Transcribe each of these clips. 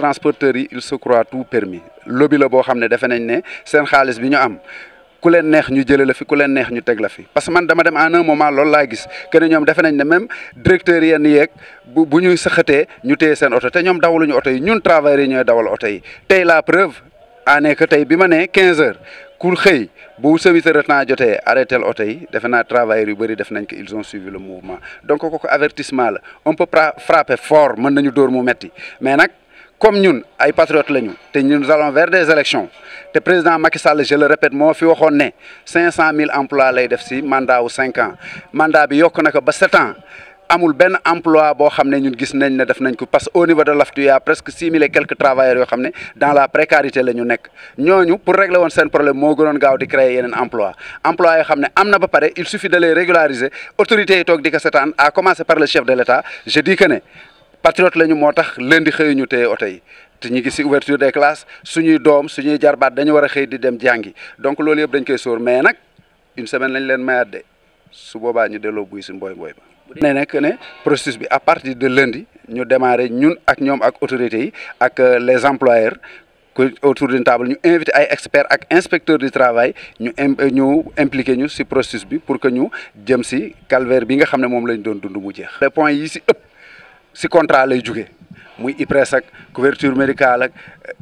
transporteurs yi ils se croient tout permis lobby la bo xam ne nañ né sen xaalis bi ñu am ku leen neex ñu jëlee la fi ku leen neex ñu teg la fi parce que man dama dem en un moment lool la gis que ñom ñoom nañ né même directeur yenn yek bu bu ñuy saxatee ñu téye seen oto te ñoom dawaluñu oto yi ñun travailler ñoy dawal auto yi tay la preuve ané que tay bima né 15 h ku xey bu service de temps jotee arrêté oto yi defe naa travailleurs yu bari def nañ ko ils ont suivi le mouvement donc kooku avertissement la on peut frapper fort mën nañu door mu metti mais nak comme nous, les patriotes nous allons vers des élections le président Macky Sall je le répète 500 fi 500 emplois à mandat de 5 ans mandat bi 7 ans amul y emploi bo xam ñun gis nañ ne def nañ parce au niveau de l'AFTU y a presque 000 et quelques travailleurs dans la précarité Nous, pour régler ce problème nous avons créé un créer emploi emploi il suffit de les régulariser Autorité tok à commencer par le chef de l'État je dis que patriotes lañu moo tax lundi xëyuñu téy auto yi té ñu ngi ci ouverture des classes suñuy doom suñuy jarbaat dañu wara xey di dem jangi donc loolu yëpp dañ koy soor mais nak une semaine lañ leen mayaat de su boba ñu délo buy si mbooy mbooy ba. né nak né processus bi à partir de lundi ñu démarrer ñun ak ñom ak autorité yi ak euh, les employeurs autour d'une table ñu invité ay experts ak inspecteurs du travail ñu euh, ñu impliqué ñu si processus bi pour que ñu jëm si calvaire bi nga xam ne moom lañ doon dund mu jeex. les points yi si si contrat lay jugee muy ipress ak couverture médicale ak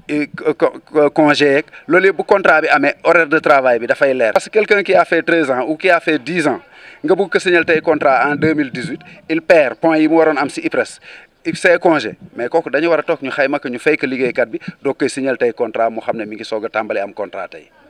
eh, congé ak lolé bu contrat bi amé horaire de travail bi fay lèr parce que quelqu'un qui a fait 13 ans ou qui a fait 10 ans nga bëgg ko signal tey contrat en 2018 il perd point yi mu waroon am ipress il c'est congé mais kooku dañu wara tok ñu xayma que ñu fay ko kat bi do koy signal tay contrat mu xamné mi ngi soog a am contrat tay